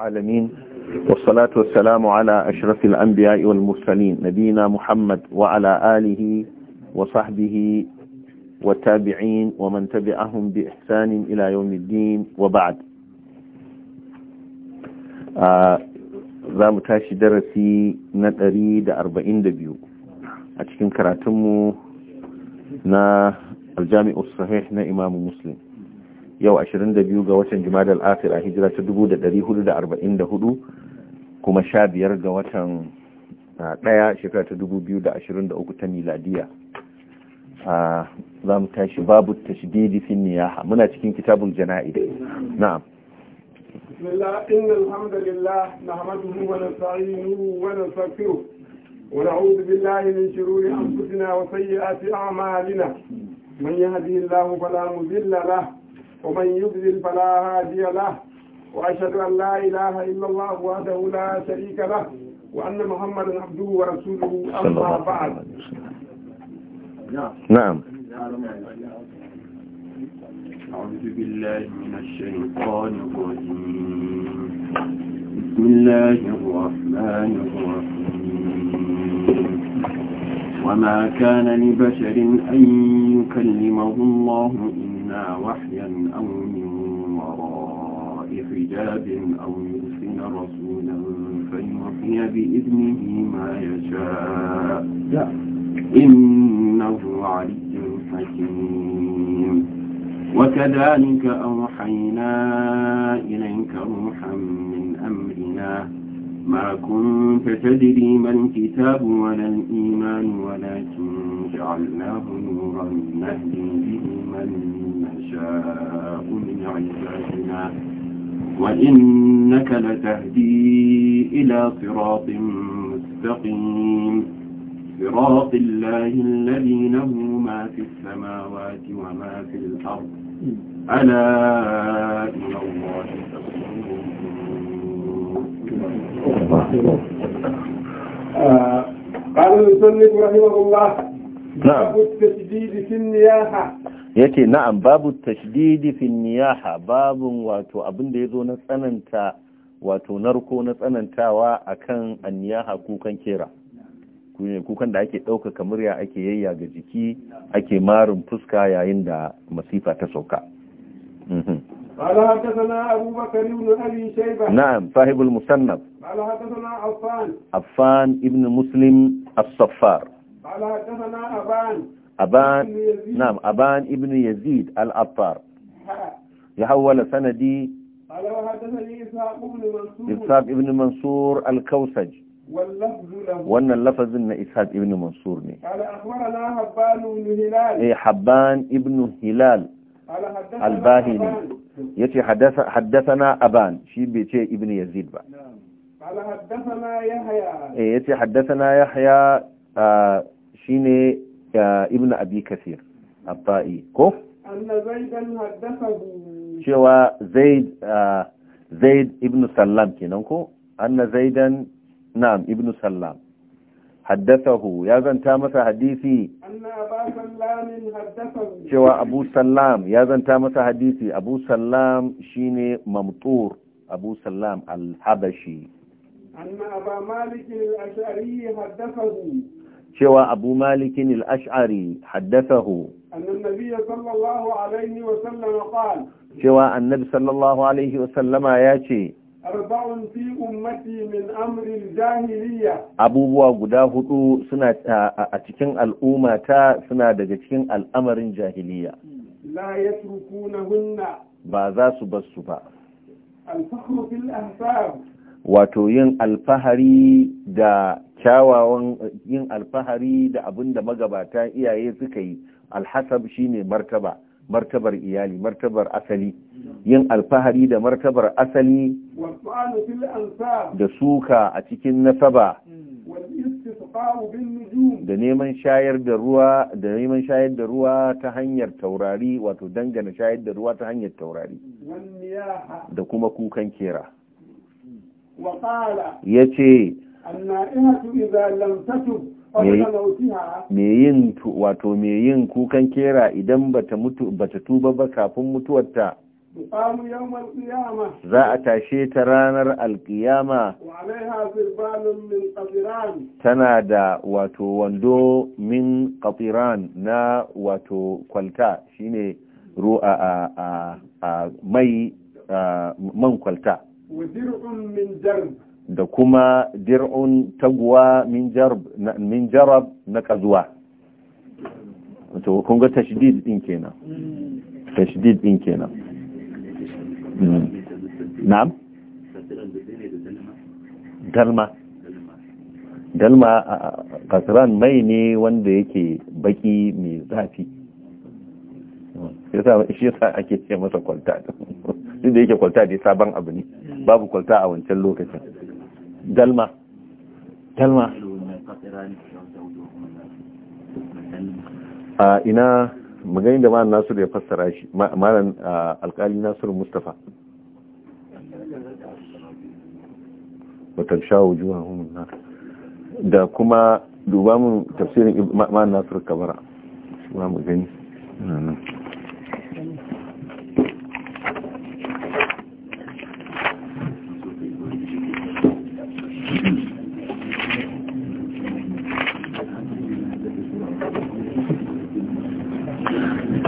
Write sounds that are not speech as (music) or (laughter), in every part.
العالمين والصلاة والسلام على أشرف الأنبياء والمرسلين نبينا محمد وعلى آله وصحبه والتابعين ومن تبعهم بإحسان إلى يوم الدين وبعد za mu tashi darasi na 142 a cikin karatunmu na aljami'ar sahih na imamu muslim yau 22 ga watan jumadal akhir a hijira ta 1444 kuma 15 ga watan daya shekara ta 2023 ta miladiya za mu tashi babu tashdidi fi niyaha muna cikin kitabul jana'id na'am ونعوذ بالله من شرور أنفسنا وسيئات أعمالنا من يهدي الله فلا مذل له ومن يضلل فلا هادي له وأشهد أن لا إله إلا الله وحده لا شريك له وأن محمدا عبده ورسوله أما بعد نعم أعوذ بالله من الشيطان الرجيم بسم الله الرحمن الرحيم وما كان لبشر أن يكلمه الله إلا وحيا أو من وراء حجاب أو يرسل رسولا فيوحي بإذنه ما يشاء إنه علي حكيم وكذلك أوحينا إليك روحا من أمرنا ما كنت تدري ما الكتاب ولا الإيمان ولكن جعلناه نورا نهدي به من نشاء من عبادنا وإنك لتهدي إلى صراط مستقيم صراط الله الذي له ما في السماوات وما في الأرض ألا إلى الله قال المسلم رحمه الله نعم التشديد في النياحة yace na'am babu tashdidi fi niyaha babun wato abin da yazo na tsananta wato narko na tsanantawa akan anniyaha kukan kera kukan da ake kamar ya ake yayya ga jiki ake marin fuska yayin da masifa ta sauka قال حدثنا أبو بكر بن أبي شيبة نعم صاحب المصنف قال حدثنا عفان عفان ابن مسلم الصفار قال حدثنا أبان أبان نعم أبان ابن يزيد الأطار يحول سندي إسحاق ابن منصور الكوسج وأن اللفظ أن إسحاق ابن منصور ني أخبرنا حبان بن هلال إيه حبان ابن هلال الباهلي يتي حدث حدثنا أبان شي بيتي ابن يزيد بقى قال حدثنا يحيى إيه يتي حدثنا يحيى آه شيني ibn abi kasir abba'i ko cewa zaid ah, zaid ibn sallam kenan ko anna zaidan na'am ibn sallam haddathahu ya zanta masa hadisi cewa abu sallam ya zanta masa hadisi abu sallam shine mamtur abu sallam al-habashi anna aba malik al-ash'ari haddathahu cewa abu malikin al'ash'ari haddasahu cewa annabi sallallahu alaihi wasallama ya ce abubuwa guda hudu suna a cikin al'ummata suna daga cikin al'amarin jahiliya ba za su basu ba wato yin alfahari da kyawawan yin alfahari da abin da magabata iyaye suka yi alhasab shine martaba martabar iyali martabar asali yin alfahari da martabar asali da suka a cikin nasaba da neman shayar da ruwa da neman shayar da ruwa ta hanyar taurari wato dangana shayar da ruwa ta hanyar taurari da kuma kukan kera ya ce me yin wato me yin kukan kera idan bata mutu tuba ba kafin mutuwarta za a tashe ta ranar alkiyama tana da wato wando min kafiran na wato kwalta shine ru'a a mai man kwalta da kuma dir'un taguwa min jarab na kazuwa wato kun ga tashidid ɗin kenan hmm. Tashidid ɗin kenan hmm. na'am dalma dalma kasiran mai ne wanda yake baki mai zafi shi yasa ake ce masa kwalta duk da yake kwalta da sabon abu ne babu kwalta a wancan lokacin dalma dalma a ina magani da malam nasiru ya fassara shi ma'an alkali nasiru mustafa watan sha wujuwa na da kuma duba mun tafsirin malam nasiru kabara su ma magani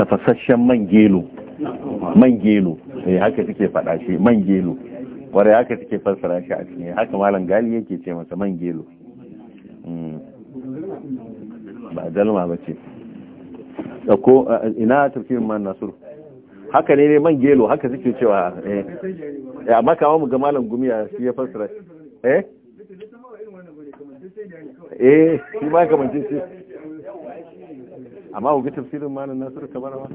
tafasasshen man gelo man gelo eh haka suke faɗa shi man gelo wanda haka suke fassara shi a cikin haka malam gali yake ce masa man gelo hmm. ba dalma ba ce ko eh, ina tafiyin man nasur haka ne ne man gelo haka suke cewa eh ya eh, maka mu ga malam gumi a shi ya fassara eh eh shi ma kamar shi amma ku ga tafsirin malam Nasiru Kabarawa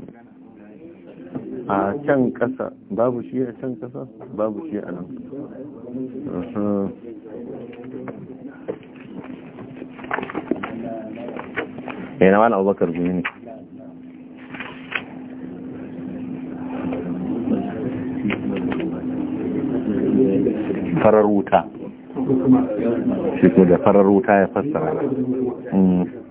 a can kasa babu shi a can kasa babu shi a nan uh-huh. eh, na wani abubakar gumi ne farar wuta shi da farar wuta ya fassara hmm.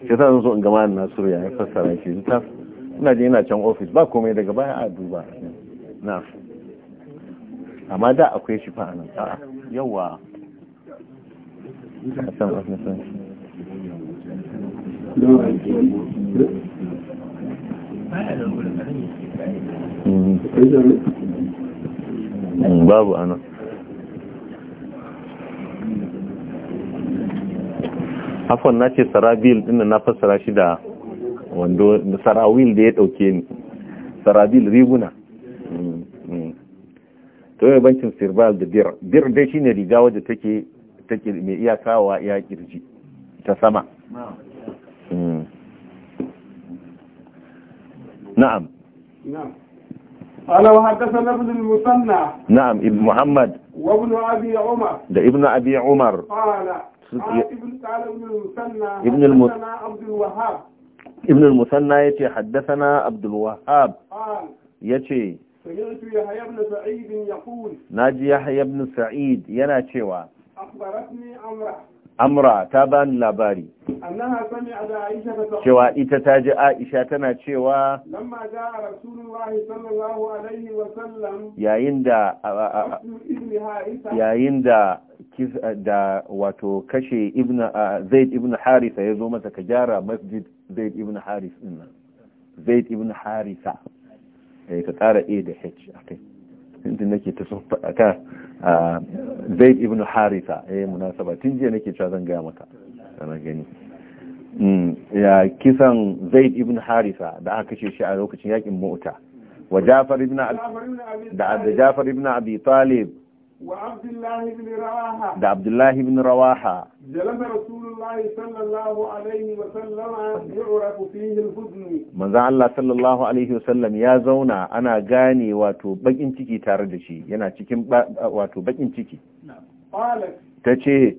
shi ta zo in gama na suru ya fassara shi ta ina je ina can ofis ba komai daga baya a duba na amma da akwai shi fa anan a yawa mm. mm, babu afon na ce sarabil din na fassara shi da wando sarawil da ya dauke ni sarabil riguna mm, mm. to yau eh, bankin sirbal da bir bir dai shine riga wadda take take mai iyakawa ya kirji ta sama mm. na'am na'am قال وحدثنا ابن المثنى نعم ابن محمد وابن ابي عمر ده ابن ابي عمر ابن المثنى ابن المثنى يتي حدثنا عبد الوهاب يتي سمعت يحيى بن سعيد يقول ناجي يحيى بن سعيد ينا أخبرتني امرأة amra ta bani labari cewa ita ta ji aisha tana cewa yayin da yayin da da wato kashe ibn zaid ibn harisa ya zo mata ka gyara masjid zaid ibn haris zaid ibn harisa eh, ka tsara a da h akai tun nake ta sun faɗa ka zaid ibn haritha eh munasaba tun jiya nake cewa zan gaya maka kana gani mm, ya kisan zaid ibn haritha da aka kashe shi a lokacin yakin mu'ta wa jafar ibn da jafar ibn abi talib da abdullahi bin rawaha manzan Allah sallallahu alaihi wasallam ya zauna ana gane wato bakin ciki tare da shi yana cikin wato bakin ciki ta ce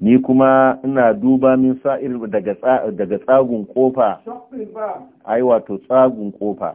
ni kuma ina duba min sa'ir daga tsagun kofa ai wato tsagun kofa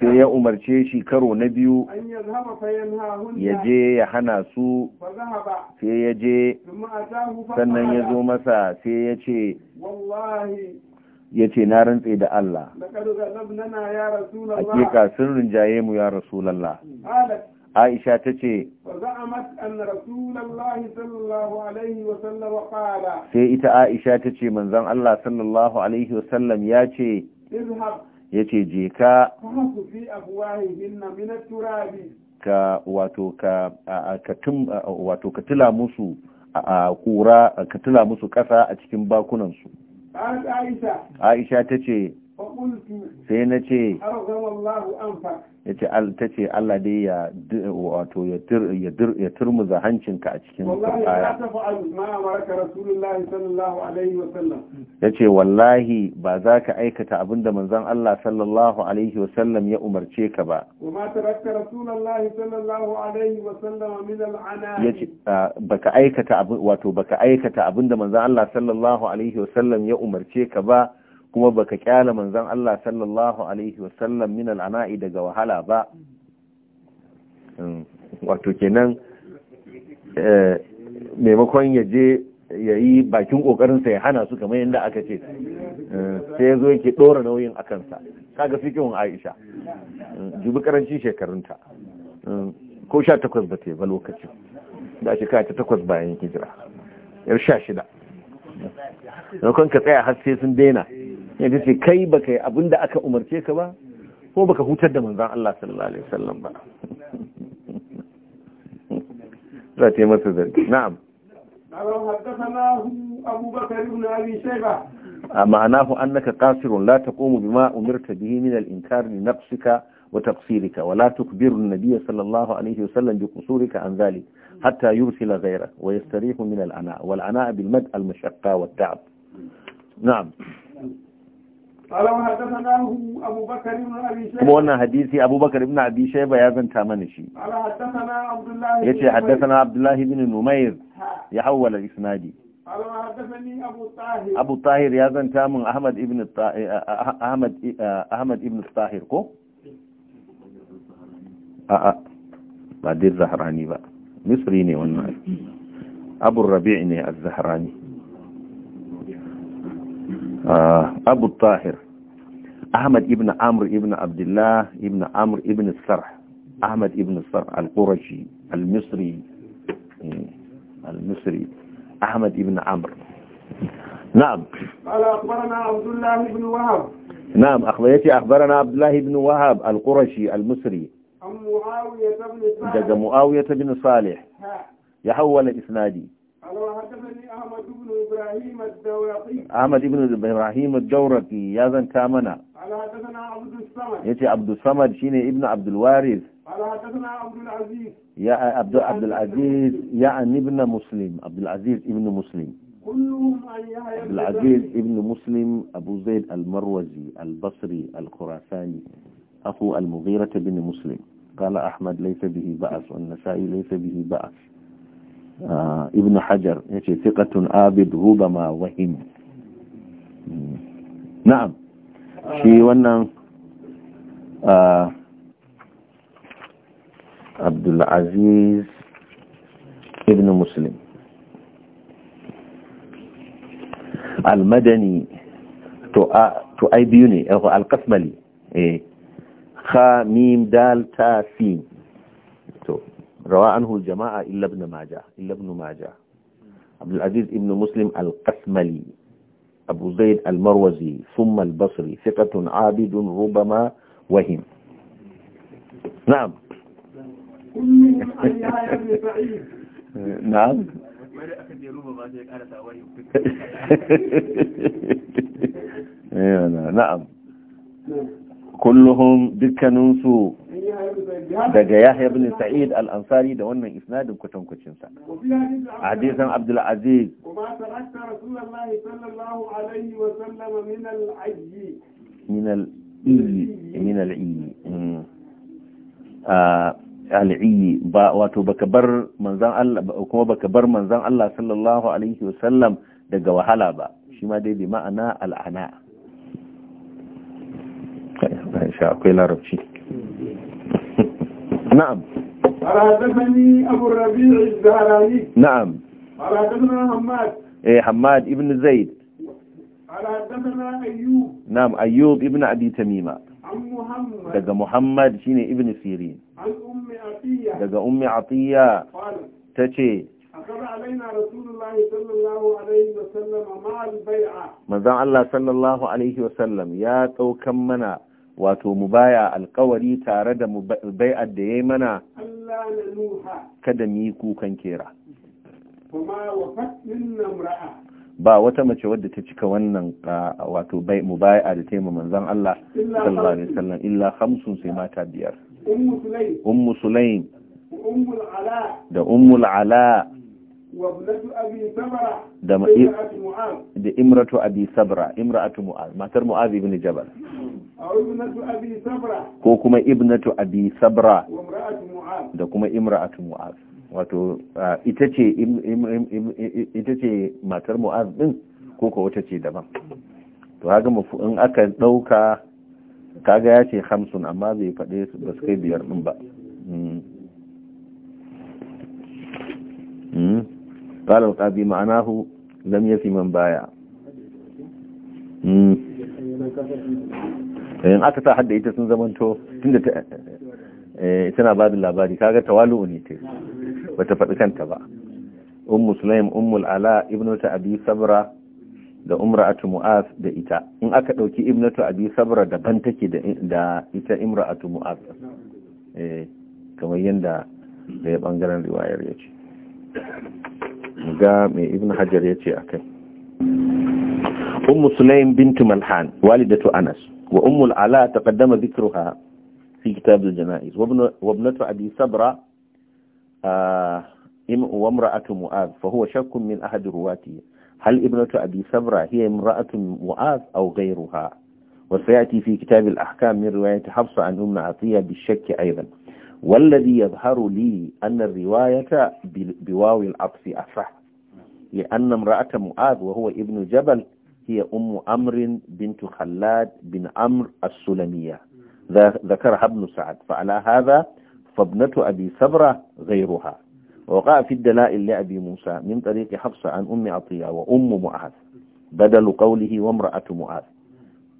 sai ya umarce shi karo na biyu ya je ya hana su sai ya je sannan ya zo masa sai ya ce ya ce na rantse da Allah hakika sun rinjaye mu ya rasulallah Aisha ta ce, Sai ita Aisha ta ce, Manzan Allah sallallahu Alaihi wasallam ya ce, yace je ka ka wato ka wato ka tila musu a kura ka tila musu kasa a cikin bakunan su Aisha tace sai na ce ya ce ta ce Allah dai ya wato ya turmuza hancinka a cikin turkaya ya ce wallahi ba za ka aikata abin da manzan Allah sallallahu alaihi wasallam ya umarce ka ba ya ce baka aikata wato baka aikata abin da manzan Allah sallallahu alaihi wasallam ya umarce ka ba kuma baka kyala manzon Allah sallallahu alaihi wasallam min al'ana'i daga wahala ba hmm. wato kenan eh, maimakon ya je ya yi bakin kokarinsa ya hana su kamar yadda aka ce eh, sai ya zo yake ɗora nauyin a kansa kaga fikin aisha jubi hmm, karanci shekarunta hmm, ko sha takwas ba ta ba lokacin da shekara ta takwas bayan hijira yar sha shida na ka tsaya har sai sun daina yadda ce kai baka yi abun da aka umarce ka ba ko ba hutar da manzan Allah sallallahu Alaihi wasallam ba (laughs) za ta yi masu zargi na'am a ma'ana hu annaka qasirun la taqumu bima umirta bihi min al-inkar li nafsika wa taqsirika wa la tukbiru an-nabiy sallallahu alayhi wa sallam bi qusurika anzali dhalik hatta yursila ghayra wa yastarihu min al-ana wal ana bil mad na'am kuma wannan hadisi abubakar ibn abi shaiba ya zanta mana shi ya ce haddasana abdullahi bin numair ya hawwala isnadi abu tahir ya zanta min ahmad ibn eh, eh, eh, ahmad ko a'a ba dir zahrani ba misri ne wannan abu ne az-zahrani آه، أبو الطاهر أحمد ابن عمرو ابن عبد الله ابن عمرو ابن السرح أحمد ابن السرح القرشي المصري إيه، المصري أحمد ابن عمرو نعم قال أخبرنا عبد الله بن وهب نعم أخبرتي أخبرنا عبد الله بن وهب القرشي المصري عن معاوية بن صالح معاوية بن صالح يحول إسنادي أحمد بن إبراهيم الدورقي أحمد بن إبراهيم الدورقي يا كامنا قال حدثنا عبد الصمد يتي عبد الصمد شيني ابن عبد الوارث قال حدثنا عبد العزيز يا عبد عبد العزيز يعني ابن مسلم عبد العزيز ابن مسلم كلهم عبد العزيز ابن مسلم أبو زيد المروزي البصري الخراساني أخو المغيرة بن مسلم قال أحمد ليس به بأس والنسائي ليس به بأس ibn hajar ya ce fiƙatun abid ruba ma wahim na'am shi wannan abdulaziz ibn muslim almadani to ai biyu ne alkasmali eh kha mim dal ta fi to روى عنه الجماعة إلا ابن ماجه إلا ابن ماجه عبد العزيز ابن مسلم القسملي أبو زيد المروزي ثم البصري ثقة عابد ربما وهم نعم نعم (laughs) نعم كلهم دكنون daga Yahya ibn Sa'id al-Ansari da wannan isnadin kwatankwacin sa hadisan Abdul Aziz kuma rasulullahi sallallahu alaihi wa sallam min al-iyi min al-iyi min ah, al-ijji ba wato baka bar manzan Allah kuma baka bar manzan Allah sallallahu alaihi wa sallam daga wahala ba shi ma dai bi ma'ana al'ana insha akwai larabci نعم قال حدثني أبو الربيع الزهراني نعم قال حدثنا حماد إيه حماد ابن زيد قال حدثنا أيوب نعم أيوب ابن أبي تميمة عن محمد دقى محمد شيني ابن سيرين عن أم عطية دقى أم عطية قال تشي أخذ علينا رسول الله صلى الله عليه وسلم مع البيعة ماذا الله صلى الله عليه وسلم يا توكمنا wato mu baya alkawari tare da bai'ar da yayi mana kada mu yi kukan kera ba wata mace wadda ta cika wannan wato bai mu bai'a da taimu manzon Allah sallallahu alaihi wasallam illa khamsun sai mata biyar ummu sulaim da ummu ala da imratu abi sabra imratu mu'az matar mu'az ibn jabal ko kuma ibnatu abi sabra da kuma imra'atu mu'az wato ita ce ita ce matar mu'az din ko ko wata ce daban to kaga mu in aka dauka kaga ya ce hamsin amma bai faɗe su ba su kai biyar din ba قال القاضي معناه لم يفي من بايع in aka sa hadda ita sun zamanto tunda eh, tana ba da labari kaga tawalu ne ta bata faɗi kanta ba ummu sulaim ummul ala ibnatu abi sabra da umra'atu mu'az da ita in aka ɗauki ibnatu abi sabra daban take da ita imra'atu mu'az eh, kamar yadda da ya bangaren riwayar ya ce ga mai ibn hajar ya ce a kai ummu sulaim bintu malhan walidatu anas وأم العلاء تقدم ذكرها في كتاب الجنائز وابن وابنة أبي سبرة آه، وامرأة مؤاذ فهو شك من أحد رواته هل ابنة أبي سبرة هي امرأة مؤاذ أو غيرها وسيأتي في كتاب الأحكام من رواية حفصة عن أم عطية بالشك أيضا والذي يظهر لي أن الرواية بواو العطف أصح لأن امرأة مؤاذ وهو ابن جبل هي أم أمر بنت خلاد بن أمر السلمية ذكرها ابن سعد فعلى هذا فابنة أبي سبرة غيرها وقع في الدلائل لأبي موسى من طريق حفصة عن أم عطية وأم معاذ بدل قوله وامرأة معاذ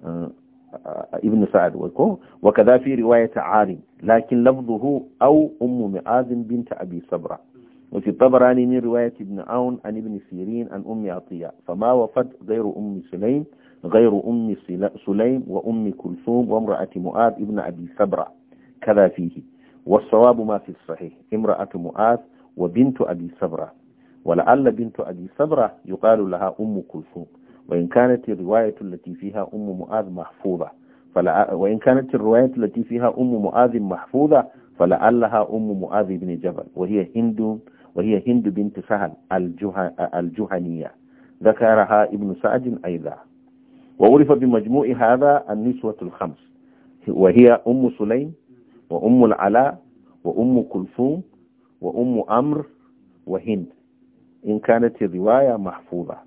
آه، ابن سعد وكذا في رواية عارم لكن لفظه أو أم معاذ بنت أبي سبرة وفي الطبراني من رواية ابن عون عن ابن سيرين عن أم عطية فما وفد غير أم سليم غير أم سليم وأم كلثوم وامرأة مؤاذ ابن أبي سبرة كذا فيه والصواب ما في الصحيح امرأة مؤاذ وبنت أبي سبرة ولعل بنت أبي سبرة يقال لها أم كلثوم وإن كانت الرواية التي فيها أم مؤاذ محفوظة فلا وإن كانت الرواية التي فيها أم مؤاذ محفوظة فلعلها أم مؤاذ بن جبل وهي هند وهي هند بنت سهل الجهنية ذكرها ابن سعد أيضا وعرف بمجموع هذا النسوة الخمس وهي أم سليم وأم العلاء وأم كلثوم وأم أمر وهند إن كانت الرواية محفوظة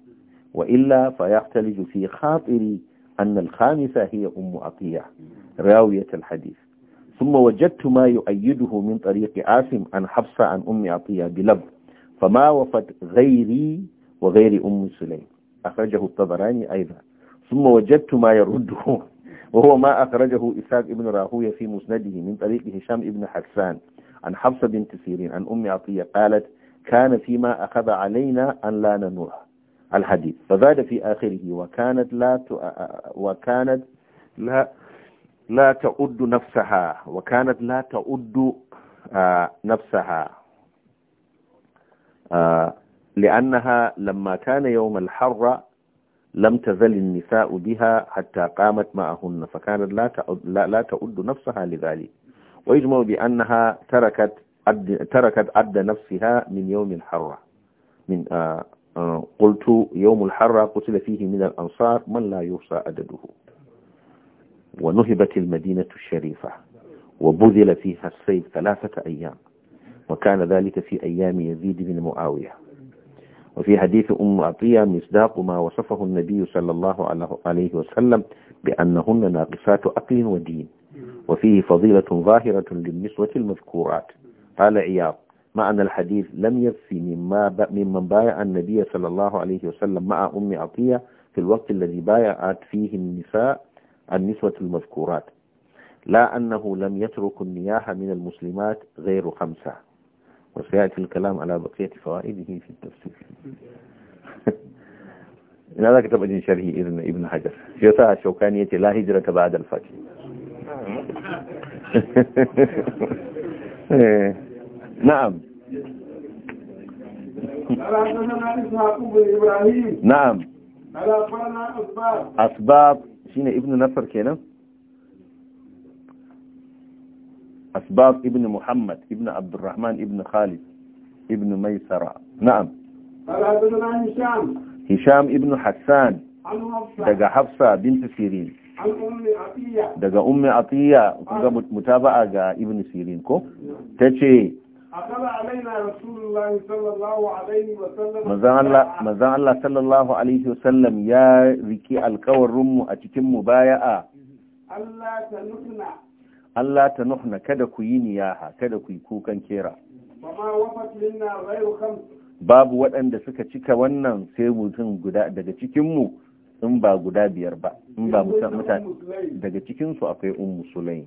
وإلا فيختلج في خاطري أن الخامسة هي أم عطية راوية الحديث ثم وجدت ما يؤيده من طريق عاصم عن حفصة عن أم عطية بلب فما وفت غيري وغير أم سليم أخرجه الطبراني أيضا ثم وجدت ما يرده (laughs) وهو ما أخرجه إساق ابن راهوية في مسنده من طريق هشام ابن حسان عن حفصة بنت سيرين عن أم عطية قالت كان فيما أخذ علينا أن لا ننوح الحديث فزاد في آخره وكانت لا وكانت لا لا تؤد نفسها وكانت لا تؤد آه، نفسها آه، لأنها لما كان يوم الحر لم تزل النساء بها حتى قامت معهن فكانت لا تؤد لا نفسها لذلك ويجمع بأنها تركت تركت عد نفسها من يوم الحر من آه، قلت يوم الحر قتل فيه من الأنصار من لا يوصى عدده ونهبت المدينة الشريفة وبذل فيها السيف ثلاثة أيام وكان ذلك في أيام يزيد بن معاوية وفي حديث أم عطية مصداق ما وصفه النبي صلى الله عليه وسلم بأنهن ناقصات أقل ودين وفيه فضيلة ظاهرة للنسوة المذكورات قال عياض مع أن الحديث لم يفي ممن بايع النبي صلى الله عليه وسلم مع أم عطية في الوقت الذي بايعت فيه النساء النسوة المذكورات لا أنه لم يترك النياحة من المسلمات غير خمسة وسيأتي الكلام على بقية فوائده في التفسير (laughs) إن هذا كتب أجن شرهي ابن, ابن حجر شيطاء الشوكانية لا هجرة بعد الفتح (laughs) نعم نعم أسباب شينا ابن نصر كينا أسباب ابن محمد ابن عبد الرحمن ابن خالد ابن ميسرة نعم هشام هشام ابن حسان دقى حفصة بنت سيرين دقى أم عطية دقى متابعة ابن سيرين كو تشي manzan Allah sallallahu alaihi wasallam ya riki alkawarinmu a cikin mubaya'a Allah ta nufna kada ku yi niyaha kada ku yi kukan kera babu waɗanda suka cika wannan sai mutum guda daga cikinmu in ba guda biyar ba in ba mutane daga cikinsu akwai musulai. sulaim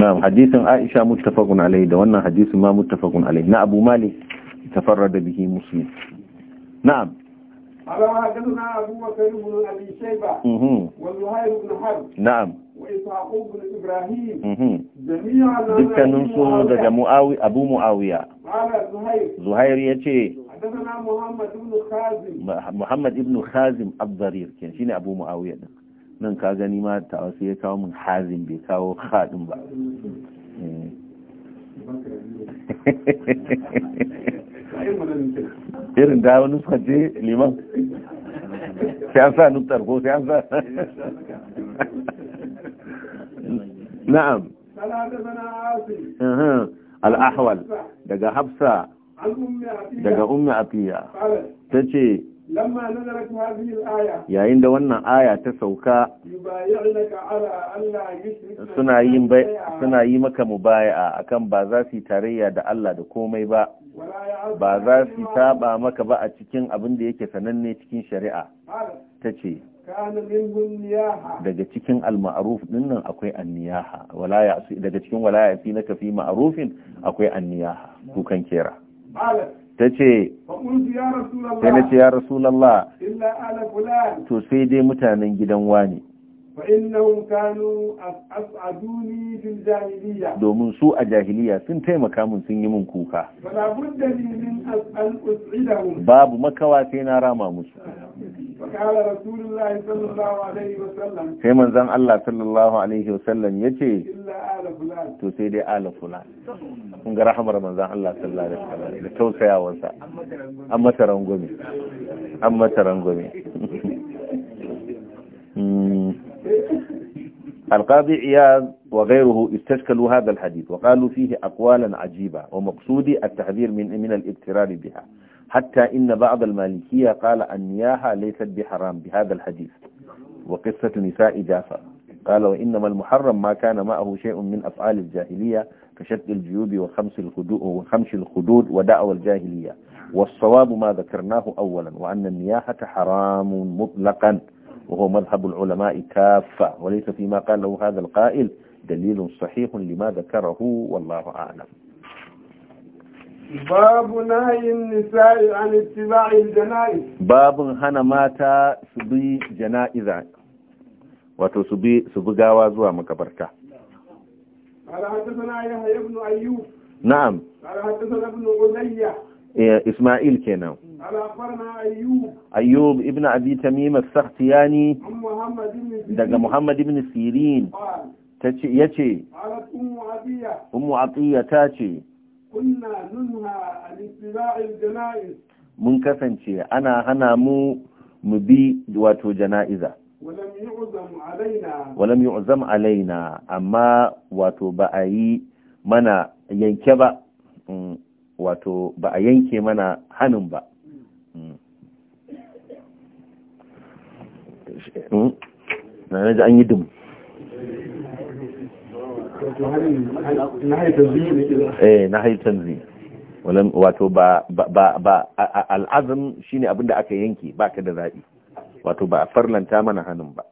نعم حديث Aisha متفق عليه da wannan hadisin ma muttafaqun alai na Abu Malik tafarrada bihi Muslim na'am قال حدثنا أبو بكر بن أبي شيبة وزهير بن حرب نعم وإسحاق بن إبراهيم جميعا دكا ننسو دجا معاوي أبو معاوية قال زهير زهير يتي حدثنا محمد بن خازم محمد بن خازم الضرير كان شيني أبو معاوية ده nan ka gani ma ta wasu ya kawo mun hazin bai kawo haɗin ba eh. (laughs) irin da wani fage liman sai an sa nuktar ko sai an sa (laughs) na'am al'ahwal daga hafsa daga Umar afiya ta ce yayin da wannan aya ta sauka suna yi maka mubaya'a akan ba za su yi tarayya da Allah da komai ba ba za su taba maka ba a cikin abin da yake sananne cikin shari'a ta ce daga cikin al-ma'ruf akwai anniyaha walaya daga cikin walaya fi naka fi ma'rufin akwai anniyaha kukan kera ta ce sai na ce ya rasulallah to sai dai mutanen gidan wani فإنهم كانوا أسعدوني في الجاهلية دومن سوء جاهلية سن تيما كامن سن يمن كوكا فلا بد لي من أسأل أسعدهم باب مكوا راما مسو فقال رسول الله صلى الله عليه وسلم سيما زن الله صلى الله عليه وسلم يتي إلا آل فلان تسيدي آل فلان رحم رمان kun الله rahamar manzan Allah sallallahu alaihi wasallam da tausayawarsa an mata rangwame an mata rangwame القاضي عياض وغيره استشكلوا هذا الحديث وقالوا فيه أقوالا عجيبة ومقصودي التحذير من من الاقترار بها حتى إن بعض المالكية قال النياحة ليست بحرام بهذا الحديث وقصة نساء جعفر قال وإنما المحرم ما كان معه شيء من أفعال الجاهلية كشد الجيوب وخمس الخدود, وخمس الخدود ودعوى الجاهلية والصواب ما ذكرناه أولا وأن النياحة حرام مطلقا وهو مذهب العلماء كافة وليس فيما قاله هذا القائل دليل صحيح لما ذكره والله أعلم باب نهي النساء عن اتباع الجنائز باب هنا مات سبي جنائز حدثنا يحيى ابن ايوب نعم قال حدثنا ابن غزية إيه، اسماعيل kenan قال أخبرنا أيوب أيوب ابن أبي تميم السختياني عن محمد بن دقى محمد بن سيرين يتي قالت أم عطية أم عطية تاتي كنا ننهى عن اتباع الجنائز mun kasance ana hana mu mu bi wato jana'iza walam yu'zam alaina amma wato ba a yi mana yanke ba wato ba a yanke mana hannun ba na ji an yi dum eh na hayi tanzi wato ba ba shi ne abinda aka yanke baka da zaɓi. wato ba a farlanta mana hannun ba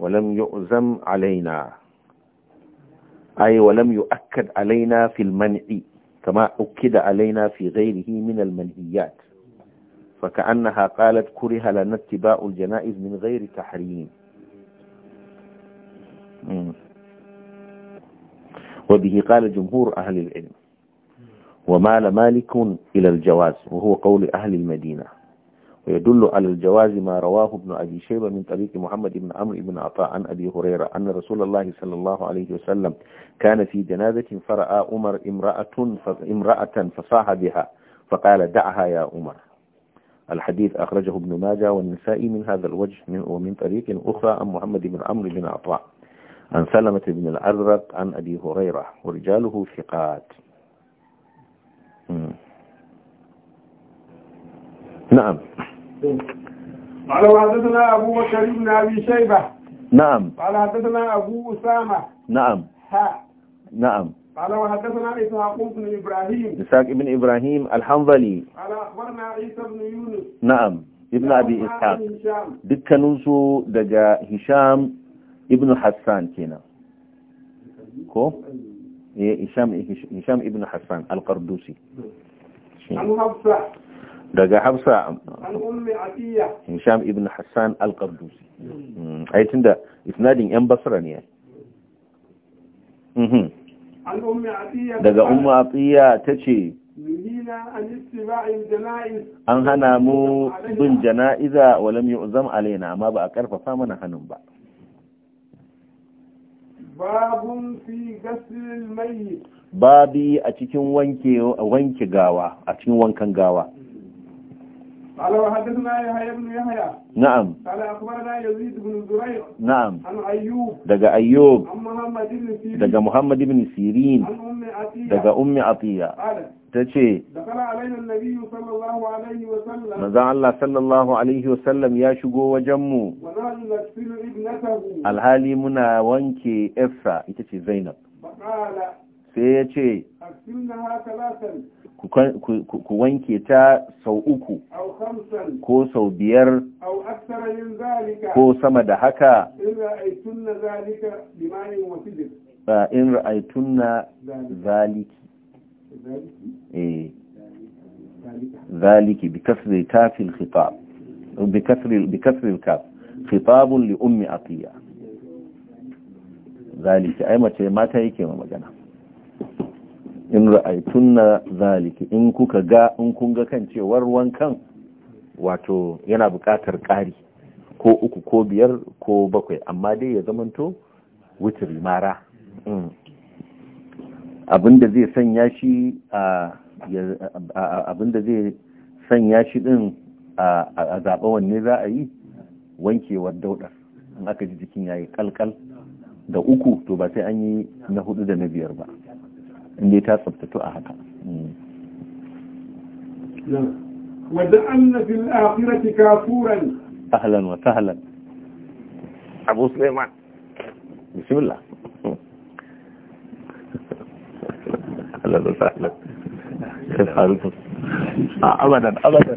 walam yu'zam alaina ay walam yu'akkad alaina fil man'i kama da alaina fi ghairihi min al manhiyat فكأنها قالت كره لنا اتباع الجنائز من غير تحريم وبه قال جمهور أهل العلم ومال مالك إلى الجواز وهو قول أهل المدينة ويدل على الجواز ما رواه ابن أبي شيبة من طريق محمد بن عمرو بن عطاء عن أبي هريرة أن رسول الله صلى الله عليه وسلم كان في جنازة فرأى عمر امرأة, امرأة فصاح بها فقال دعها يا عمر الحديث أخرجه ابن ماجه والنسائي من هذا الوجه من ومن طريق أخرى عن محمد بن عمرو بن عطاء عن سلمة بن الأرق عن أبي هريرة ورجاله ثقات نعم قال وحدثنا أبو بكر بن أبي شيبة نعم قال حدثنا أبو أسامة نعم ها نعم قال وحدثنا إسحاق بن إبراهيم إسحاق بن إبراهيم الحنظلي قال أخبرنا عيسى بن يونس نعم ابن أبي إسحاق دكنوسو دجا هشام ابن حسان كنا كو إيه، هشام هشام ابن حسان القردوسي عن حفصة دجا حفصة عن أم عتية هشام ابن حسان القردوسي أي تندا إسنادين أم بصرا يعني daga umma atiya ta ce an hana mu bin jana'iza walam uzam alaina amma ba a karfafa mana hannun ba babi a cikin wanke gawa a cikin wankan gawa قال وحدثنا يحيى بن يحيى نعم قال اخبرنا يزيد بن زريع نعم عن ايوب دغ ايوب عن محمد بن سيرين دغ محمد بن سيرين عن ام عطيه دغ ام عطيه قالت الله manzon Allah sallallahu alaihi wasallam ya shigo wajenmu alhali muna wanke Efsa ita ce Zainab sai ya ce ku wanke ta sau uku ko sau biyar ko sama da haka in ra'aitunna zaliki eh. zaliki bi kasri kafin khitab bi kasri kaf khitabun li ummi aqiya zaliki ai mace mata yake ma magana in na zalika in kuka ga in kun ga kan cewar wankan wato yana buƙatar ƙari ko uku ko biyar ko bakwai amma dai ya zamanto wutiri mara mm. abinda zai sanya shi abinda zai sanya shi din a zaɓa wanne za a yi wankewar daudar in aka ji jikin yayi kalkal da uku to ba sai an yi na hudu da na biyar ba inda ta tsabtatu a haka نعم. وجعلنا في الآخرة كافورا أهلا وسهلا أبو سليمان بسم الله أهلا وسهلا كيف حالكم أبدا أبدا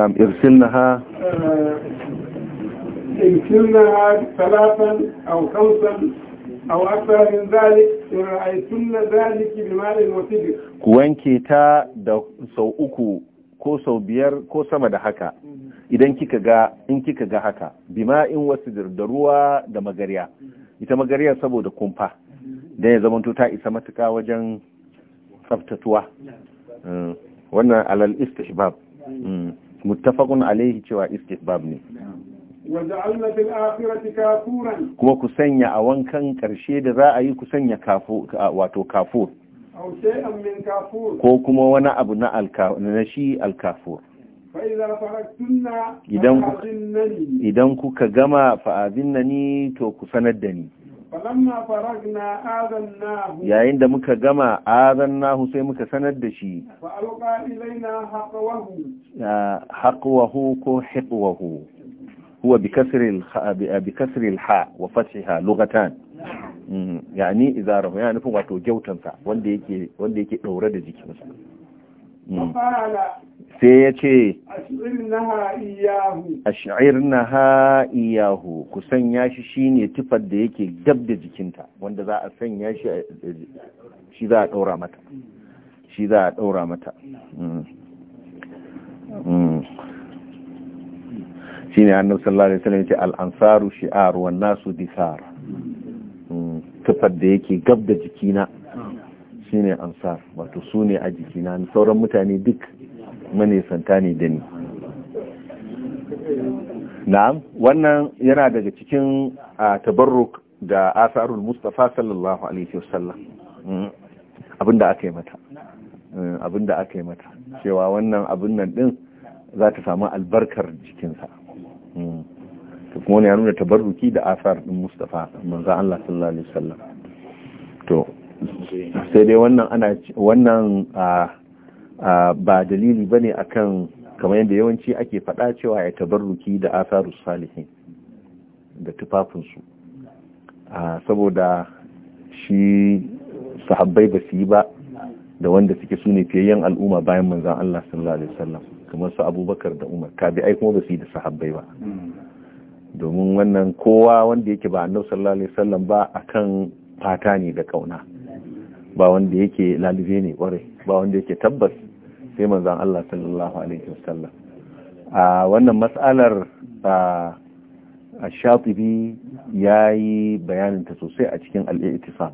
نعم ارسلناها ارسلناها ثلاثا او خمسا او اكثر من ذلك ان رايتن ذلك بمال وسدر wanke تا da sau uku ko sau biyar ko sama da haka idan kika ga in kika ga haka bima in wasidir da ruwa da magariya ita magariya saboda kumfa dan ya zama ta isa matuka wajen tsaftatuwa wannan alal istihbab muttafaqun Alayhi cewa istihbab ne waja'alna fil akhirati kafuran kuma ku sanya a wankan karshe da za a yi ku sanya kafu wato kafur ko kuma wani abu na na shi alkafur idan kuka gama fa'adinnani ni to ku sanar da ni yayin da muka gama azannahu sai muka sanar da shi haƙwahu ko haƙwahu huwa bi ha wa fathiha lugatan yani izarahu ya nufin wato gyautansa wanda yake wanda da jikinsa sai ya ce a sha'ir na ha'iyahu ku sanya shi shi ne tufar da yake gab da jikinta wanda za a sanya shi shi za a ɗaura mata shi za a ɗaura mata shi ne annabi sallallahu alaihi wasallam ya ce al'ansaru shi'ar wannan su disar tufar da yake gab da jikina shine ne ansar wato su ne a jikina sauran mutane duk manisanta ne da ni na'am wannan yana daga cikin tabarruk da asarul Mustapha, sallallahu alaihi wasallam mm, abinda aka yi mata mm, abinda aka yi mata cewa wannan abin nan din za ta samu albarkar jikinsa mm. kuma wani ya nuna tabarruki da asar din mustapha manzo Allah sallallahu alaihi wasallam to sai dai wannan ana wannan ba dalili bane akan kamar yadda yawanci ake faɗa cewa ya tabarruki da asarus salihin da tufafinsu saboda shi sahabbai ba su yi ba da wanda suke su ne fiye yin al'umma bayan manzan Allah sallallahu alaihi wasallam kamar su abubakar da umar tabi'ai kuma ba su yi da sahabbai ba domin wannan kowa wanda yake ba annabi sallallahu alaihi wasallam ba akan fata ne da kauna ba wanda yake lalube ne kwarai ba wanda yake tabbas sai manzan Allah sallallahu alaihi wasallam a wannan mas'alar a shatibi ya yi bayaninta sosai a cikin al'i'tisam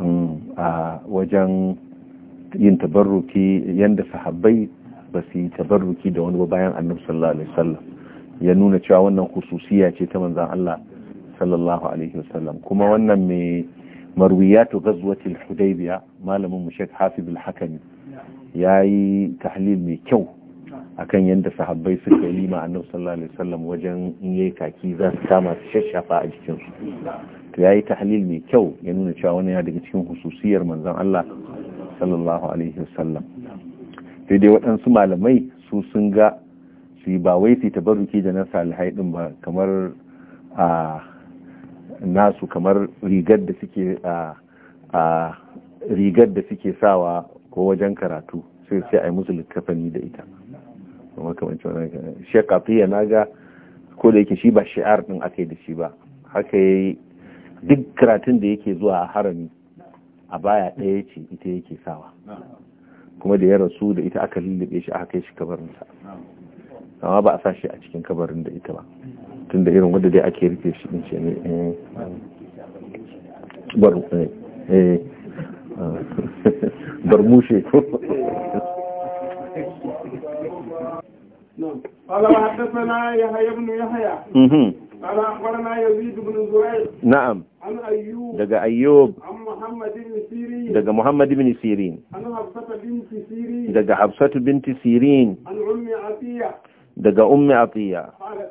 mm, a wajen yin tabarruki yadda sahabbai ba su yi tabarruki da wani bayan annabi sallallahu alaihi wasallam ya nuna cewa wannan hususiya ce ta manzan Allah sallallahu alaihi wasallam kuma wannan mai marwiyatu ghazwatil hudaybiya malamin mu Sheikh Hafiz al-Hakami yayi tahlil mai kyau akan yadda sahabbai suka yi ma annabi sallallahu wajen in kaki za su kama su shaf-shafa a jikin su to yayi tahlil mai kyau ya nuna cewa wani yana daga cikin hususiyar manzon Allah sallallahu alaihi wasallam sai dai waɗansu malamai su sun ga su ba wai su tabarruki da na salihai din ba kamar a nasu kamar rigar da suke a rigar da suke sawa ko wajen karatu sai sai a yi musu littafani da ita makamancin wannan shek na ga ko da yake shi ba shi'ar din aka yi da shi ba haka ya yi duk karatun da yake zuwa a harami a baya ɗaya ce ita yake sawa kuma da ya rasu da ita aka lullube shi aka yi shi kabarinsa amma ba a sa shi a cikin kabarin da ita ba tunda irin wadda dai ake rufe shi din ce ne barmushe ko قال بن اخبرنا يزيد بن زريع نعم عن ايوب دقا ايوب عن محمد بن سيرين دقا محمد بن سيرين عن حفصه بنت سيرين دقا حفصه بنت سيرين عن ام عطيه دقا ام عطيه قالت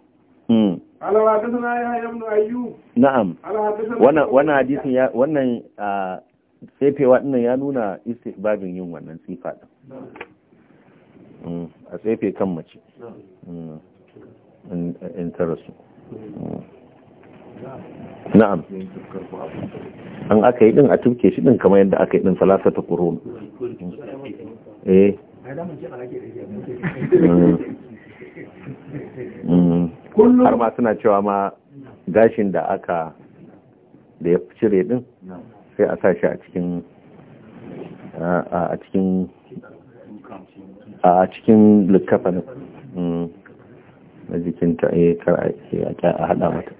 Na'am, wannan hadisin ya wannan tsefewa dinnan ya nuna istihbabin yin wannan sifa ɗin. a tsefe kan mace in tara su na'am an aka yi ɗin a tuke shi ɗin kamar yadda aka yi ɗin salasa ta kurun eh har ma suna cewa ma gashin da aka da ya cire din sai a sashi a cikin a cikin a cikin likafanin mm, na jikin ta eh, kar a ce a hada mata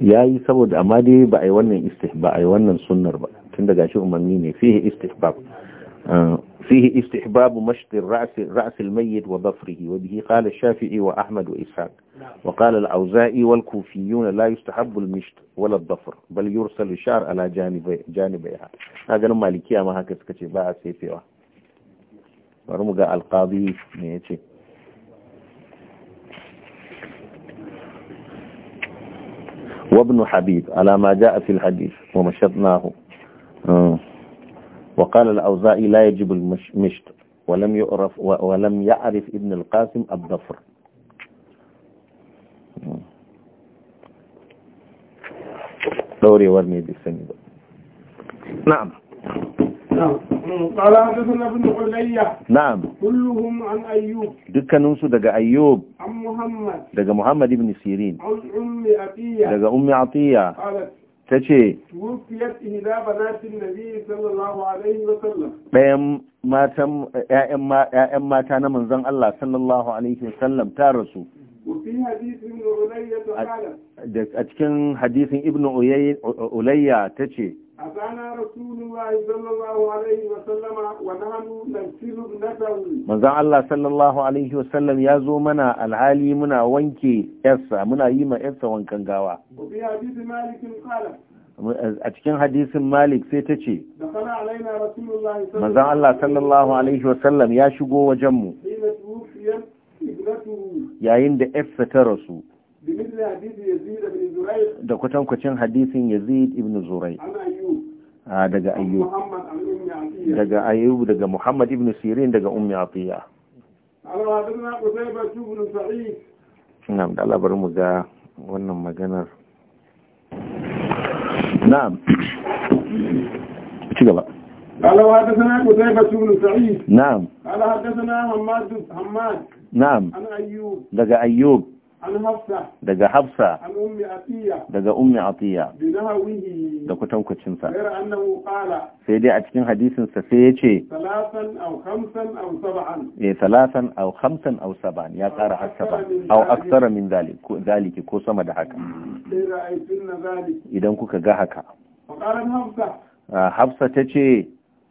ya yi saboda amma dai ba a yi wannan istihbab ba a yi wannan sunnar ba tun daga shi umarni ne fiye istihbab ah, فيه استحباب مشط الرأس رأس الميت وضفره وبه قال الشافعي وأحمد وإسحاق وقال العوزائي والكوفيون لا يستحب المشط ولا الضفر بل يرسل الشعر على جانب جانبها هذا لكي أما هكذا كتباع سيفيها ورمجة القاضي نيتي وابن حبيب على ما جاء في الحديث ومشطناه آه. وقال الأوزائي لا يجب المشت ولم يعرف ولم يعرف ابن القاسم الضفر دوري ورمي بالسند نعم قال نعم كلهم عن ايوب دكانهم دغ ايوب عن محمد دغ محمد ابن سيرين عن ام عطيه دغ ام عطيه قالت ta ce ɗayan ‘ya'yan mata na manzon Allah sallallahu Alaihi wasallam ta rasu a cikin hadisin ibn ulayya ta ce أتانا رسول الله صلى الله عليه وسلم ونحن نغسل ابنته من زعل الله صلى الله عليه وسلم يازو منا العالي منا وانكي يسا منا يما يسا وانكن غاوا وفي a cikin hadisin malik sai ta ce manzan Allah sallallahu alaihi wasallam ya shigo wajenmu yayin da efsa ta rasu da kwatankwacin hadisin yazid ibn zurai daga ayyub daga ayyub daga muhammad ibn sirin daga ummi atiya na'am da Allah bar mu ga wannan maganar na'am ci gaba قال وحدثنا قتيبة بن سعيد نعم قال حدثنا حماد حماد نعم عن أيوب لقى أيوب daga hafsa daga ummi atiya da kwatankwacinsa sai dai a cikin hadisinsa sai ya ce salasan salatan au hamsan au saban ya tsara har saban au aksara min zaliki ko sama da haka idan kuka ga haka ah, hafsa ta ce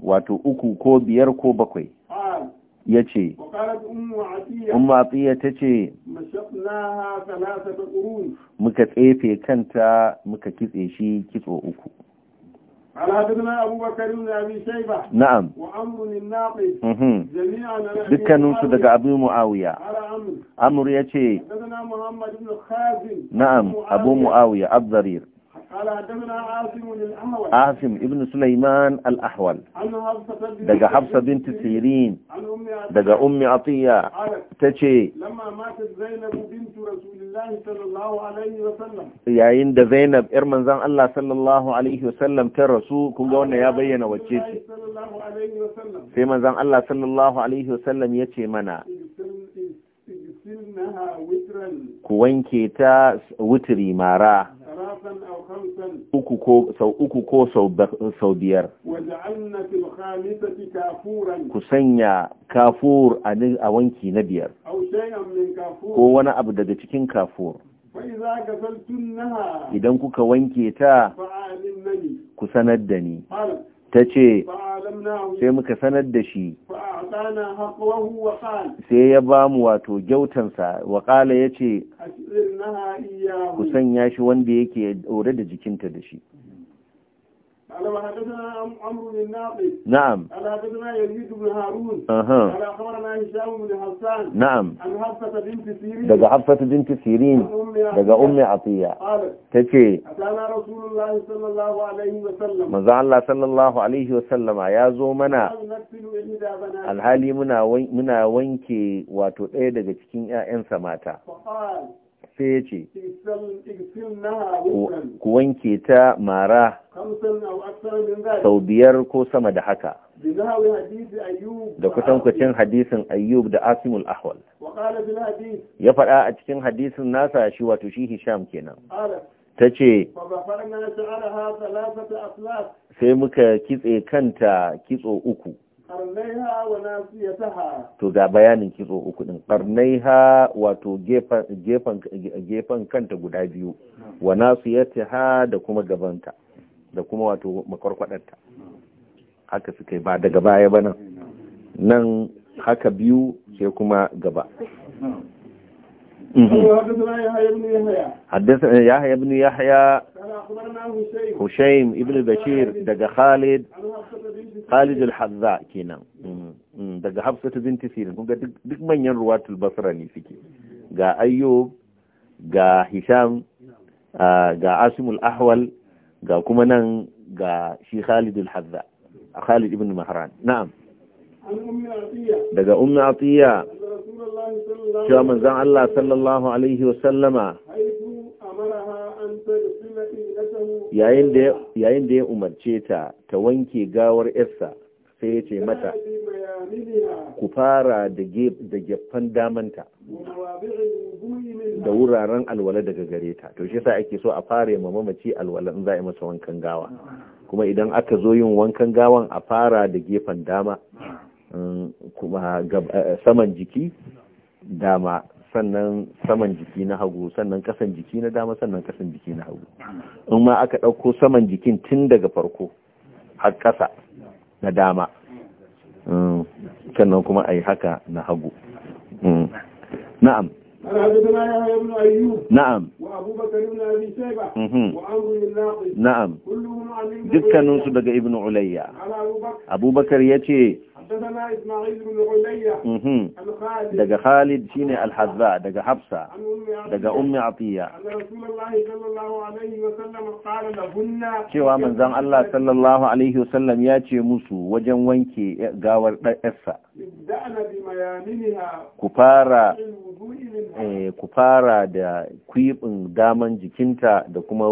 wato uku ko biyar ko bakwai ya ce umma ta ce muka tsefe kanta muka kitse shi kitso uku قال حدثنا أبو بكر بن أبي شيبة نعم وعمر الناقد جميعا دكانون صدق أبو معاوية على حدثنا محمد بن نعم أبو معاوية الضرير قال حدثنا عاصم Al عاصم ابن سليمان الأحول دقى حفصة بنت سيرين دقى أم لما ماتت زينب بنت رسول الله صلى الله عليه وسلم yayin da Zainab ‘yar manzan Allah sallallahu Alaihi wasallam ta rasu kun ga ya bayyana wacce ce. Sai manzan Allah sallallahu Alaihi wasallam ya ce mana, ku wanke ta wutiri mara uku ko sau uku ko sau biyar ku sanya kafur a wanki na biyar ko wani abu daga cikin kafur idan kuka wanke ta ku sanar da ni ta ce sai muka sanar da shi sai ya ba mu wato gyautansa waƙala ya ce ku sanya shi wanda yake ɗora da jikinta da shi قال وحدثنا عمرو بن نعم قال حدثنا يزيد بن هارون اها قال اخبرنا هشام بن حسان نعم عن حفصه بنت سيرين دقا حفصه بنت سيرين دقا ام عطيه قالت تكي اتانا رسول الله صلى الله عليه وسلم مزع الله صلى الله عليه وسلم يا زو منا الحالي alhali muna wanke wato ɗaya daga cikin 'ya'yansa mata sai ya ce ku wanke ta mara sau biyar ko sama da haka da kutankucin hadisin ayyub da asimul ahwal ya faɗa a cikin hadisin nasa shi wato shi hisham kenan ta ce sai muka kitse kanta kitso uku to ga bayanin kitso uku din ha wato gefen kanta guda biyu wa ha da kuma gabanta da kuma wato makwarkwadarta haka suka yi ba daga baya ba nan nan haka biyu sai kuma gaba حدثنا يحيى بن يحيى هشيم ابن بشير daga خالد Khalid al hadza kenan mm, mm, daga hafsat binti Sirin kun ga duk manyan ruwatul Basra ne suke ga Ayyub ga Hisham ah, ga Asim al-Ahwal ga kuma nan ga shi Khalid al hadza Khalid ibn Mahran na'am daga Ummu Atiya cewa manzon Allah sallallahu alaihi wa sallama yayin da ya umarce ta ta wanke gawar yarsa sai ya ce mata ku fara da gefen damanta da wuraren alwala daga gare ta to shi sa ake so a fara ma mamaci alwala in za a masa wankan gawa kuma idan aka zo yin wankan gawan a fara da gefen dama mm, kuma eh, saman jiki dama sannan saman jiki na hagu sannan kasan jiki na dama sannan kasan jiki na hagu in ma aka ɗauko saman jikin tun daga farko har ƙasa na dama mm, sannan kuma a yi haka na hagu mm. na'am na'am mm-hmm. na'am dukkaninsu daga ibn ulayya abubakar ya ce حدثنا اسماعيل بن عليا عن خالد دقى خالد شيني الحذاء دقى حفصة دقى أم عطية أن رسول الله صلى الله عليه وسلم قال لهن شوى من زم الله صلى الله عليه وسلم ياتي موسو وجن وانكي غاور قصة ابدأنا بميامنها كفارة kufara da kwibin daman jikinta da kuma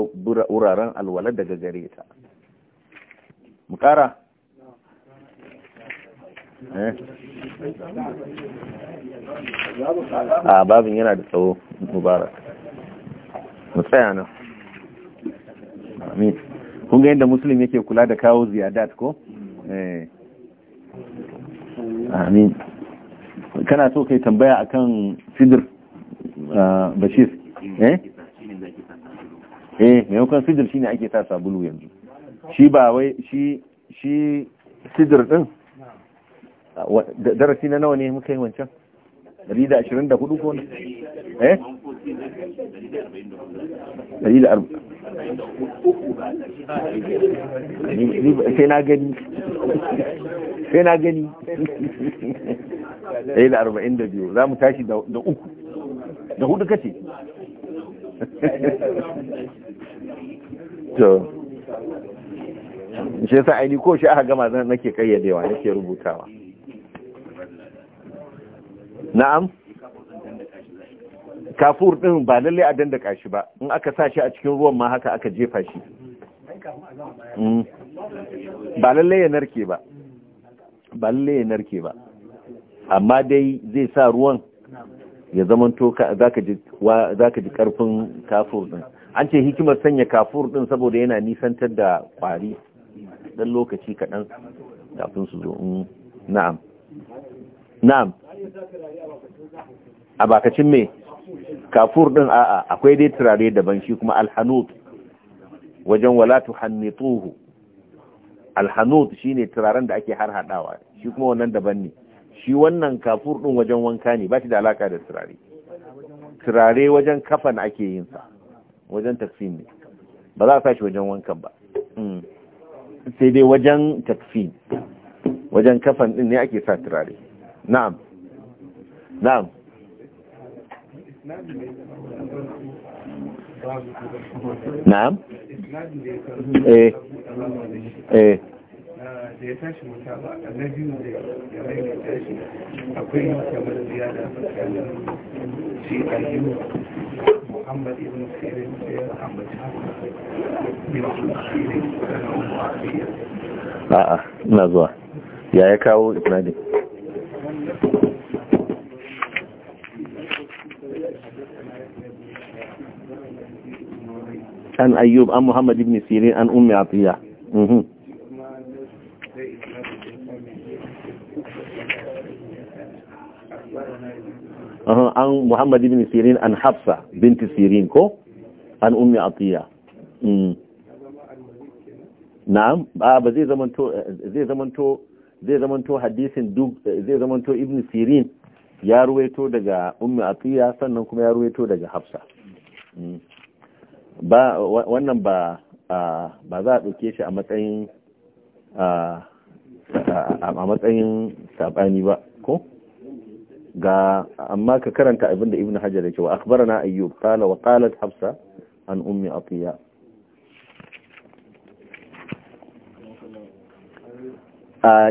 wuraren alwala daga gare ta. Mu Eh? a ah, babin yana da tsawo mubarak mutsaya na. amin kun ga yadda musulun yake kula da kawo ziyadat ko? Eh. amin kana so kai tambaya akan sidir ah, bashir eh eh maimakon sidir shine ake sa sabulu yanzu shi ba wai shi shi sidir din darasi na nawa ne muka yi wancan 124 ko ne eh 140 sai na gani sai na gani 142 za mu tashi da uku da hudu kace to shi yasa aini ko shi aka gama zan nake kayyadewa nake rubutawa na'am kafur din ba lalle a dandaka shi ba in aka sa a cikin ruwan ma haka aka jefa shi mm. ba lalle ya narke ba ba lalle ya narke ba amma dai zai sa ruwan ya zamanto za ka ji karfin kafur din an ce hikimar sanya kafur din saboda yana nisantar da kwari dan lokaci kaɗan kafin su zo mm. na'am na'am a bakacin me kafur din a'a akwai dai turare daban shi kuma alhanut wajen walatu hannituhu alhanut shine turaren da ake har hadawa shi kuma wannan daban ne shi wannan kafur din wajen wanka ne ba shi da alaka da turare turare wajen kafan ake yin sa wajen takfin ne ba za a sa shi wajen wankan ba mm. sai dai wajen takfin wajen kafan din ne ake sa turare na'am na'am na'am eh eh da ya tashi na biyu da ya rai na umu kawo isnadin an ayyub an سيرين ibn sirin an عن محمد an سيرين ibn sirin an hafsa كو sirin ko an نعم atiya na'am ba zai zamanto zai zamanto zai zamanto hadisin duk zai zamanto ibn sirin ya ruwaito daga ummi atiya sannan kuma ya ruwaito daga hafsa ba wannan ba ba za a ɗauke shi a matsayin a matsayin saɓani ba ko ga amma ka karanta abin da ibn hajar yake wa akhbarana ayyub qala wa qalat hafsa an ummi atiya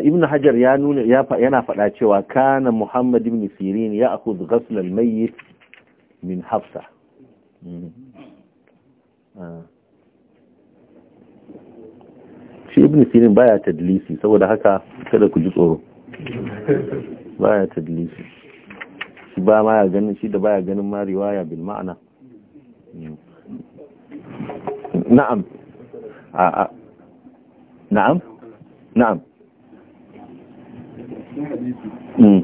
ibn hajar ya nuna yana faɗa cewa kana muhammad ibn sirin ya akhudh ghasl al-mayyit min hafsa hmm. Ah. shi ibn sirin baya tadlisi saboda haka kada ku ji tsoro baya tadlisi shi ba ma ya ganin shi da baya ganin ma riwaya bil ma'ana na'am a na'am na'am Mm.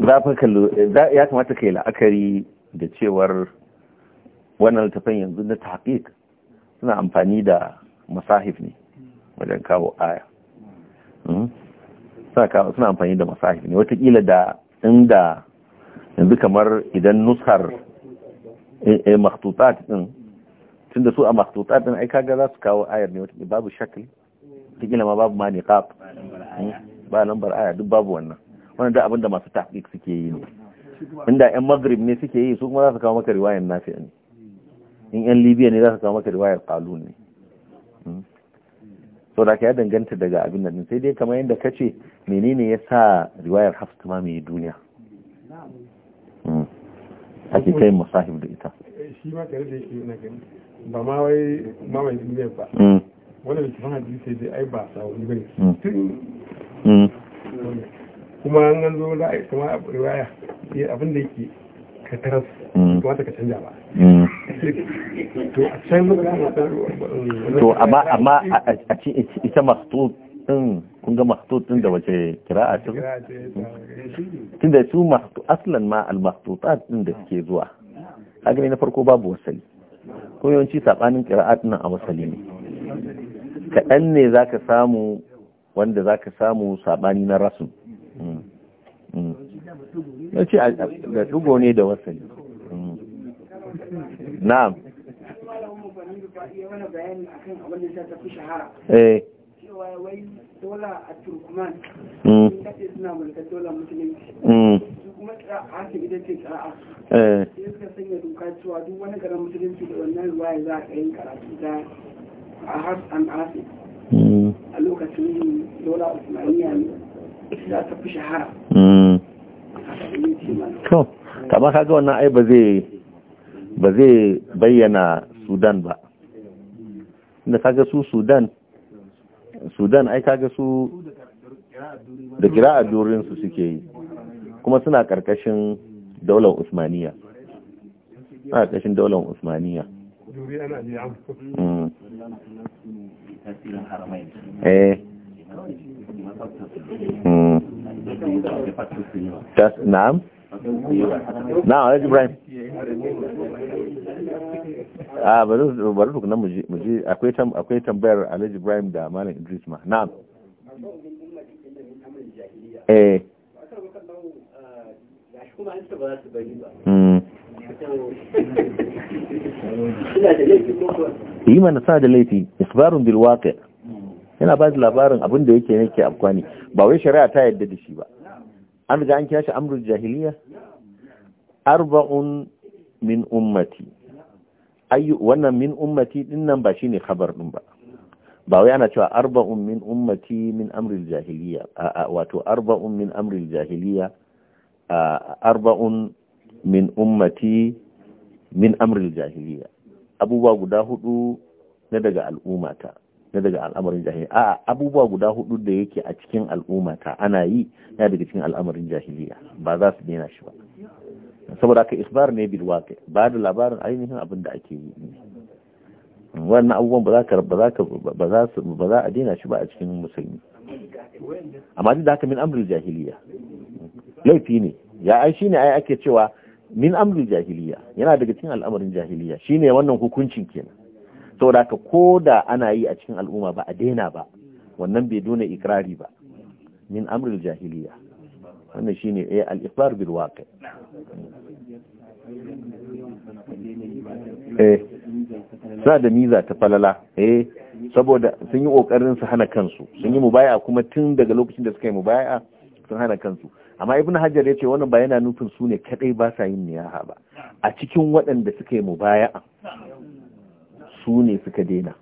ya kamata ka yi la'akari da cewar wannan littafin yanzu na taƙiƙ suna amfani da masahif ne wajen kawo aya hmm? suna amfani da masahif ne watakila da inda yanzu kamar idan nusar a eh, eh, maktutat din tun da su a maktutat din aika ga za su kawo ayar ne watakila babu shakli watakila ma babu ma niqab hmm? ba lambar aya duk babu wannan wannan da abinda masu tahqiq suke yi ne inda yan maghrib ne suke yi su kuma za su kawo maka riwayar nafi ne in yan libya ne za su kawo maka riwayar qalun ne hmm. so da ka ya danganta daga abin nan sai dai kamar yadda kace menene ya sa riwayar hafs ma mai duniya hmm. ake kai musahib da ita shi ma tare da yake na gani ba ma wai ma mai duniya ba hmm. wanda da kifin hadisi sai ai ba sa wani bane kuma an zo za a yi kuma riwaya abin da yake ka taras wata mm. ka canja ba mm. (laughs) to a can muka to amma amma a ci ita maktub din kun ga maktub din da wace kira'a tun da su maktub aslan ma al maktutat din da suke zuwa kaga ne na farko babu wasali ko yawanci sabanin kira'a din a wasali ne kaɗan ne zaka samu wanda zaka samu sabani na rasul Mm. na ce da ɗugo ne da wasali mm. na'am eh cewa wai dola mm. a ta suna mulkar dola eh. musulunci kuma haka ce sanya doka cewa duk wani garin musulunci da wannan ruwa za a yi karatu ta a has an a lokacin dola usmaniya ne ta fi hmm. kama kaga wannan ai ba zai ba zai bayyana sudan ba inda kaga su sudan sudan ai kaga su da kira a durinsu suke yi kuma suna karkashin daular usmaniya suna karkashin daular usmaniya hmm. eh Mm. na'am na'am alhaji ibrahim a ah, bari mu ji akwai tambayar alhaji ibrahim da malam idris ma na'am eh yi hmm. mana sa da laifi isbarun bilwaƙi yana ba da labarin abin da yake yake amfani ba wai shari'a ta yadda da shi ba an riga an kira shi amrul jahiliya arba'un min ummati ayu wannan min ummati din nan ba shine khabar din ba ba wai ana cewa arba'un min ummati min amril jahiliya wato arba'un min amril jahiliya arba'un min ummati min amril jahiliya abubuwa guda hudu na daga al'ummata na daga al'amarin jahiliya a abubuwa guda hudu da yake a cikin al'umma ta ana yi na daga cikin al'amarin jahiliya ba za su daina shi ba saboda ka isbar ne bil waqi ba da labarin ainihin abin da ake yi wannan abubuwan ba za ka ba za ka ba za su ba za a daina shi ba a cikin musulmi amma duk da haka min amrul jahiliya laifi ne ya ai shine ai ake cewa min amrul jahiliya yana daga cikin al'amarin jahiliya shine wannan hukuncin kenan saboda ka ko da ana yi a cikin al'umma ba a daina ba wannan bai dona ikrari ba min amril jahiliya wannan shine eh al-iqrar bil waqi eh sa da miza ta falala eh saboda sun yi kokarin su hana kansu sun yi mubaya kuma tun daga lokacin da suka yi mubaya sun hana kansu amma ibn hajar ya ce wannan ba yana nufin su ne kadai ba sa yin niyaha ba a cikin waɗanda suka yi mubaya su ne suka dena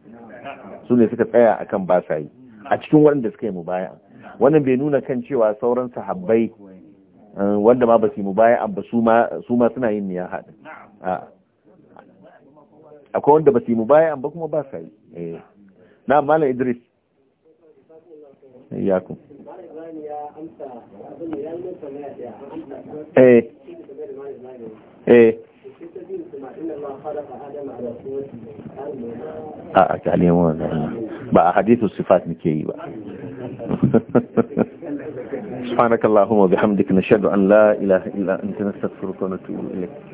su ne suka tsaya akan ba sa yi a cikin waɗanda suka yi mubaya wannan bai nuna kan cewa sauran sahabbai eh, wanda ma ba su yi mubaya ba su ma suna yin niyan haɗin akwai wanda ba su yi mubaya ba kuma ba sa yi eh. na malam idris ya ku eh eh آه، يعني (laughs) سبحانك اللهم وبحمدك نشهد أن لا إله إلا أنت نستغفرك ونتوب إليك